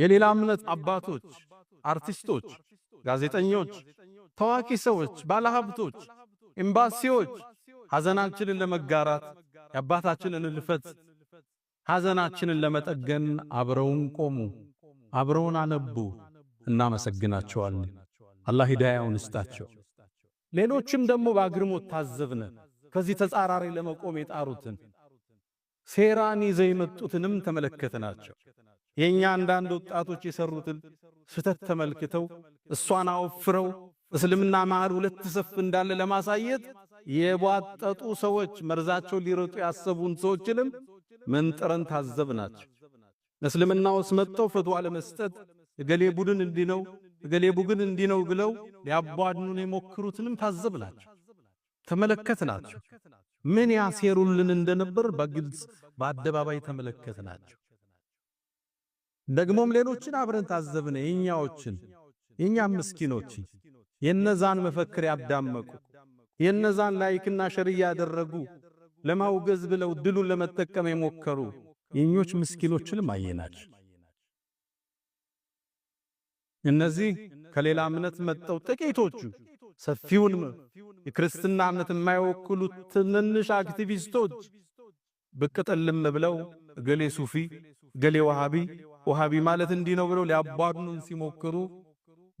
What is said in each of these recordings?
የሌላ እምነት አባቶች፣ አርቲስቶች፣ ጋዜጠኞች፣ ታዋቂ ሰዎች፣ ባለሀብቶች፣ ኤምባሲዎች ሐዘናችንን ለመጋራት የአባታችንን ልፈት ሐዘናችንን ለመጠገን አብረውን ቆሙ፣ አብረውን አነቡ። እናመሰግናቸዋለን። አላህ ሂዳያውን ይስጣቸው። ሌሎችም ደግሞ በአግርሞት ታዘብነ ከዚህ ተጻራሪ ለመቆም የጣሩትን ሴራን ይዘው የመጡትንም ተመለከትናቸው። የእኛ አንዳንድ ወጣቶች የሰሩትን ስህተት ተመልክተው እሷን አወፍረው እስልምና መሃል ሁለት ሰፍ እንዳለ ለማሳየት የቧጠጡ ሰዎች መርዛቸው ሊረጡ ያሰቡን ሰዎችንም መንጥረን ታዘብናቸው። እስልምና ውስጥ መጥተው ፈትዋ ለመስጠት እገሌ ቡድን እንዲ ነው እገሌ ቡድን ነው ብለው ሊያቧድኑን የሞክሩትንም ታዘብናቸው፣ ተመለከትናቸው። ምን ያሴሩልን እንደነበር በግልጽ በአደባባይ ተመለከትናቸው። ደግሞም ሌሎችን አብረን ታዘብነ የኛዎችን የኛም ምስኪኖችን የነዛን መፈክር ያዳመቁ የነዛን ላይክና ሸር ያደረጉ ለማውገዝ ብለው ድሉን ለመጠቀም የሞከሩ የኞች ምስኪኖችንም አየናቸው። እነዚህ ከሌላ እምነት መጠው ጥቂቶቹ ሰፊውን የክርስትና እምነት የማይወክሉ ትንንሽ አክቲቪስቶች ብቅ ጥልም ብለው እገሌ ሱፊ እገሌ ወሃቢ፣ ወሃቢ ማለት እንዲህ ነው ብለው ሊያባዱን ሲሞክሩ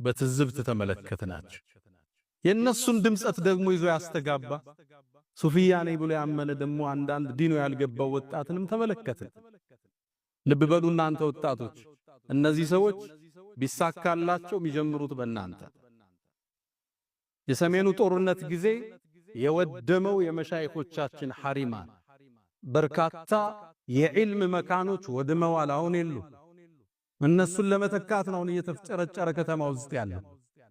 በትዝብት ተመለከትናቸው። የእነሱን ድምፀት ደግሞ ይዞ ያስተጋባ ሱፊያ ነኝ ብሎ ያመነ ደግሞ አንዳንድ ዲኖ ያልገባው ወጣትንም ተመለከትን። ልብ በሉ እናንተ ወጣቶች፣ እነዚህ ሰዎች ቢሳካላቸው የሚጀምሩት በእናንተ የሰሜኑ ጦርነት ጊዜ የወደመው የመሻይኮቻችን ሐሪማን በርካታ የዕልም መካኖች ወድመዋል። አሁን የሉ እነሱን ለመተካት ነው እየተፍጨረጨረ ከተማው ውስጥ ያለው።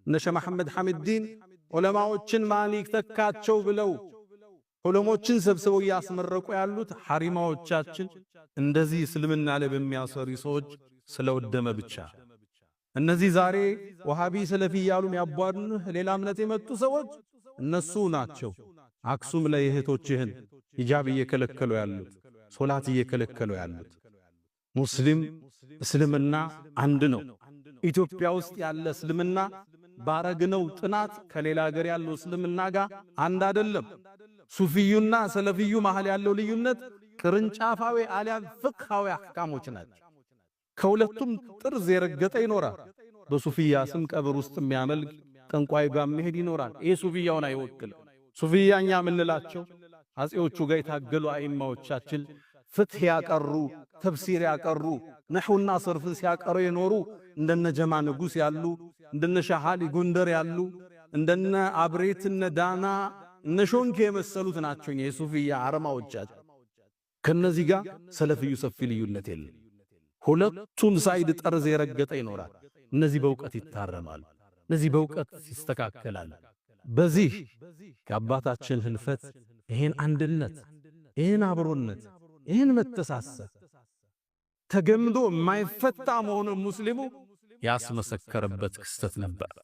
እነ ሸህ መሐመድ ሐሚዲን ዑለማዎችን ማን ይተካቸው ብለው ዑለሞችን ሰብስበው እያስመረቁ ያሉት ሐሪማዎቻችን እንደዚህ እስልምና ላይ በሚያሰሪ ሰዎች ስለወደመ ብቻ። እነዚህ ዛሬ ወሃቢ ሰለፊ እያሉ የሚያቧድኑህ ሌላ እምነት የመጡ ሰዎች እነሱ ናቸው። አክሱም ላይ እህቶችህን ሂጃብ እየከለከሉ ያሉት፣ ሶላት እየከለከሉ ያሉት ሙስሊም እስልምና አንድ ነው። ኢትዮጵያ ውስጥ ያለ እስልምና ባረግነው ጥናት ከሌላ ሀገር ያለው እስልምና ጋር አንድ አይደለም። ሱፊዩና ሰለፊዩ መሃል ያለው ልዩነት ቅርንጫፋዊ አሊያን ፍቅሃዊ አህካሞች ናቸው። ከሁለቱም ጥርዝ የረገጠ ይኖራል። በሱፊያ ስም ቀብር ውስጥ የሚያመልክ ጠንቋይ ጋር መሄድ ይኖራል። ይሄ ሱፊያውን አይወክልም። ሱፊያኛ የምንላቸው አጼዎቹ ጋር የታገሉ አይማዎቻችን ፍትህ ያቀሩ ተፍሲር ያቀሩ ነህውና ሰርፍን ሲያቀሩ የኖሩ እንደነ ጀማ ንጉስ ያሉ እንደነ ሻሃሊ ጎንደር ያሉ እንደነ አብሬት እነ ዳና እነ ሾንኬ የመሰሉት ናቸው የሱፍያ አረማዎቻቸው። ከነዚህ ጋር ሰለፍዩ ሰፊ ልዩነት የለም። ሁለቱም ሳይድ ጠርዝ የረገጠ ይኖራል። እነዚህ በእውቀት ይታረማሉ፣ እነዚህ በእውቀት ይስተካከላል። በዚህ ከአባታችን ህልፈት ይህን አንድነት ይህን አብሮነት ይህን መተሳሰብ ተገምዶ የማይፈታ መሆኑን ሙስሊሙ ያስመሰከረበት ክስተት ነበር።